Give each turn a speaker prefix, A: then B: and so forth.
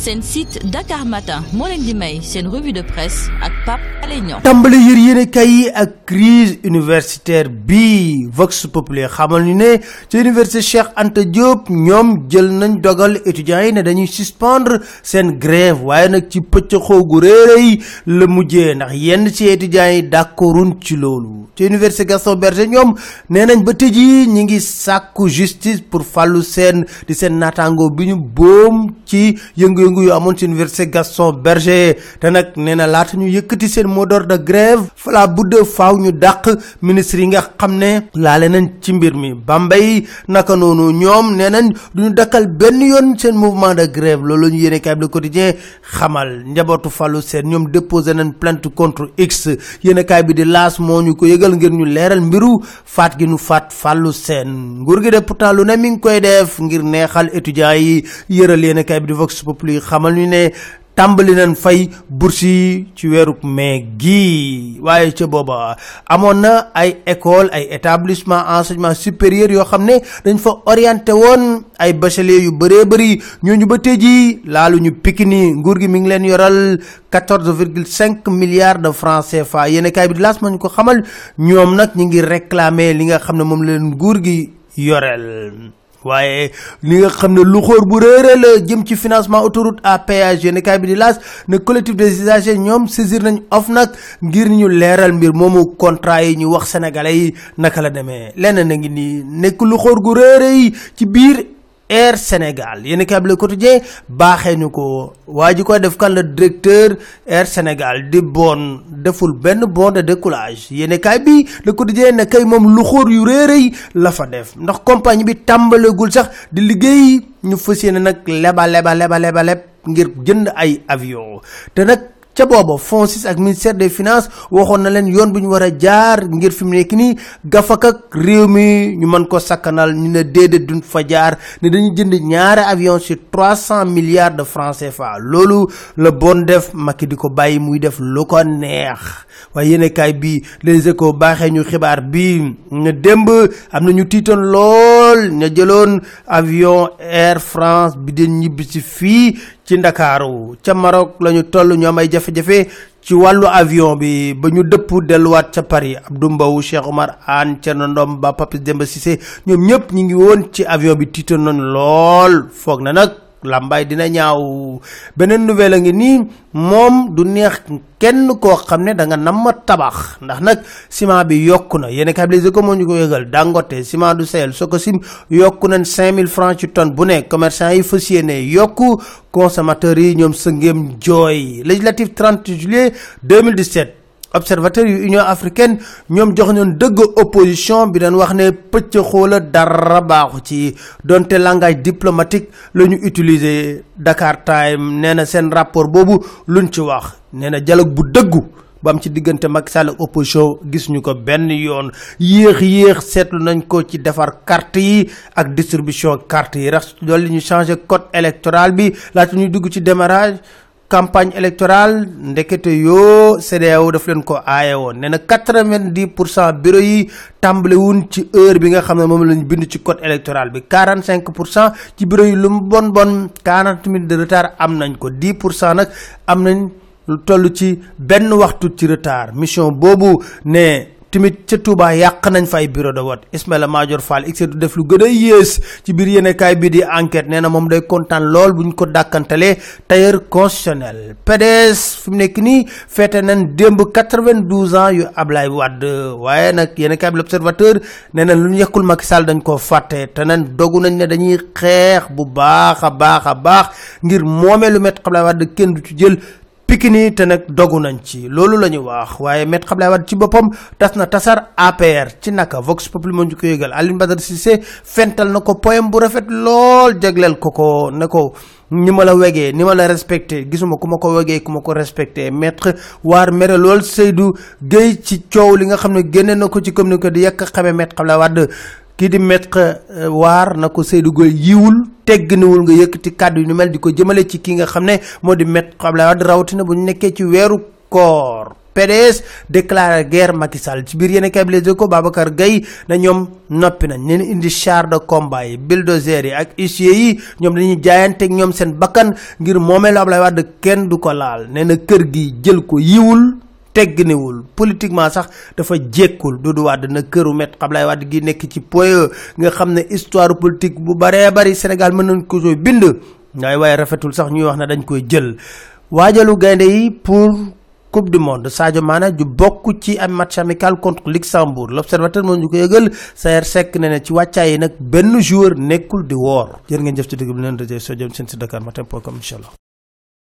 A: seen site Dakar Matin moo leen di may seen revue de presse ak Pape Alé tàmbali yër yéene kay yi ak crise universitaire bi Vox Populi xamal nu ne ci université Cheikh Anta Diop ñoom jël nañ dogal étudiants yi ne dañuy suspendre seen grève waaye nag ci pëccëxoo gu réeréy la mujjee ndax yenn ci étudiants yi d'accorduñ ci loolu ci université Gaston Berger ñoom nee nañ ba tëj yi ñi ngi sàkku justice pour fàllu seen di seen naataango bi ñu boom ci yëngu-yëngu yu amoon ci université Gaston Berger te nag nee na laata ñu yëkkati seen mot d'ordre de grève fala budde faaw ñu dàq ministre yi nga xam ne laale nañ ci mbir mi Bambey naka noonu ñoom nee nañ du ñu dakkal benn yoon seen mouvement de grève loolu la ñu yéene kaay bi Le Quotidien xamal njabootu fallu seen ñoom déposé nañ plainte contre X yéene kaay bi di laas moo ñu ko yëgal ngir ñu leeral mbiru faat gi nu faat Fallou Sène nguur gi de pourtant neexal étudiants yi bi di Vox xamal ñu ne tàmbali nañ fay bourse yi ci weeru mai gi waaye ca booba amoon na ay école ay établissement enseignement supérieur yoo xam ne dañ fa orienté woon ay bachelier yu bëree bëri ñooñu ba tey jii laalu ñu Pikini nguur gi mi ngi leen yoral quatorze virgule cinq milliards de français CFA yéen kaay bi di laas ma ñu ko xamal ñoom nag ñu ngi réclamer li nga xam ne moom leen nguur gi yoreel. waaye li nga xam ne lu xóor bu réere la jëm ci financement autoroute à péage yéen kaay bi di laas ne collectif des usagers ñoom nañu nañ nag ngir ñu leeral mbir moomu contrat yi ñu wax sénégalais yi naka la demee leneen na ngi nii nekk lu xóor gu réere yi ci biir Air Sénégal yéen a Le Quotidien baaxee ñu ko waa ji ko def kan la directeur Air Sénégal di bon deful benn bon de décollage yéen bi Le Quotidien ne moom lu xóor yu réeréy la fa def ndax compagnie bi tàmbaleegul sax di liggéey ñu fas yéene nag leba leba leba leba leb ngir jënd ay avion te nag. ca booba FONSIS ak ministère des finances waxoon na leen yoon bu ñu war a jaar ngir fi mu nekk nii gafak réew mi ñu mën ko sakkanal ñu ne déedéet duñ fa jaar ne dañuy jënd ñaari avion si trois cent milliards de francais CFA loolu la bon def Macky di ko bàyyi muy def lu ko neex waaye yéenekaay bi Les Échos baaxee ñu xibaar bi ñu démb am na ñu tiitoon lool ña jëloon avion Air France bi den ñibbi si fii ci ndakaaru ca Maroc la ñu toll ñoom ay jafe-jafe ci wàllu avion bi ba ñu dëpp delluwaat ca Paris ab Mbow Cheikh Omar Anne Thierno Ndom ba Papis Demba Cissé ñoom ñëpp ñu ngi woon ci avion bi tiitoon nañu lool foog na nag. làmbaay dina ñaaw beneen nouvelle a ngi nii moom du neex kenn koo xam ne da nga nam ma tabax ndax nag ciment bi yokk na yéen a les éco moo ñu ko yëgal Dangote ciment du Sahel soo ko sim yokku nañ mille francs ci tonne bu ne commerçant yi fas yéene yokk consommateurs yi ñoom sa ngéem jooy législative 30 juillet 2017 observateur yu union africaine ñoom jox ñoon dëgg opposition bi dañ wax ne pëcc xoola dara baaxu ci donte langaay diplomatique la ñu utiliser Dakar Time nee na seen rapport boobu lu luñ ci wax nee na dialogue bu dëggu bam ci diggante mag Sall ak opposition gis ko benn yoon yéex yéex seetlu nañ ko ci defar carte yi ak distribution carte yi rax dool li ñu changé code électoral bi laata ñuy dugg ci démarrage campagne électorale ndekete yoo CEDEAO daf leen ko aaye woon nee na quatre-vingt-dix pour cent bureau yi tàmbalewuñ ci heure bi nga xam ne moom lañ bind ci code électoral bi quarante-cinq pour cent ci bureau yi lu mu bon bon quarante minutes de retard am nañ ko dix pour cent nag am nañ lu toll ci benn waxtu ci retard mission boobu ne. tamit ca Touba yàq nañ fay bureau de vote Ismaïla Madior Fall du def lu gën a yées ci biir yéenekaay bi di enquête nee na moom day kontaan lool bu ñu ko dàkkantalee tailleur constitutionnel PDS fi mu nekk nii feete nañ démb 92 ans yu Ablaye Wade waaye nag yéenekaay bi l'Observateur nee na lu ñu yekkul Macky Sall dañ koo fàtte te nañ dogu nañ ne dañuy xeex bu baax a baax a baax ngir moomee lu met Ablaye Wade kenn du ci jël pikini te nag dogu nañ ci loolu la ñu wax waaye met xam laay wat ci boppam tas na tasar APR ci naka Vox Populi moo ñu ko yëgal Alioune Badara Cissé fental na ko poème bu rafet lool jagleel ko ko ne ko ni ma la wegee ni ma la respecté gisuma ku ma ko wegee ku ma ko respecté maître waar mere lool Seydou Guèye ci coow li nga xam ne génne na ko ci communiqué di yakk xame met xam laay wat kii di maître euh, waar na ko Seydou Gueye yiwul tegginiwul nga yëkkati kàddu yi ni mel di ko jëmale ci kii nga xam ne moo di maître Abdoulaye Wade rawatina bu ñu nekkee ci weeru koor PDS déclaré guerre Macky Sall ci biir yeneen cabinet de ko Babacar Gueye na ñoom noppi nañ ne indi char de combat yi bulldozer yi ak huissier yi ñoom dañuy jaayanteeg ñoom seen bakkan ngir moomeelu Abdoulaye Wade kenn du ko laal nee na kër gi jël ko yiwul tegg tegginewul politiquement sax dafa jékkul Doudou wàdd na këru met Ablaye Wade gi nekk ci poye nga xam ne histoire politique bu baree bari Sénégal mën nañ ko sooy bind waaye waaye rafetul sax ñuy wax ne dañ koy jël waajalu gaynde yi pour coupe du monde Sadio Mané ju bokk ci am match amical contre Luxembourg l'observateur moom ñu ko yëgal Saër Seck ne ne ci wàccaay yi nag benn joueur nekkul di woor jër ngeen jëf ci dëgg bi leen rajo soo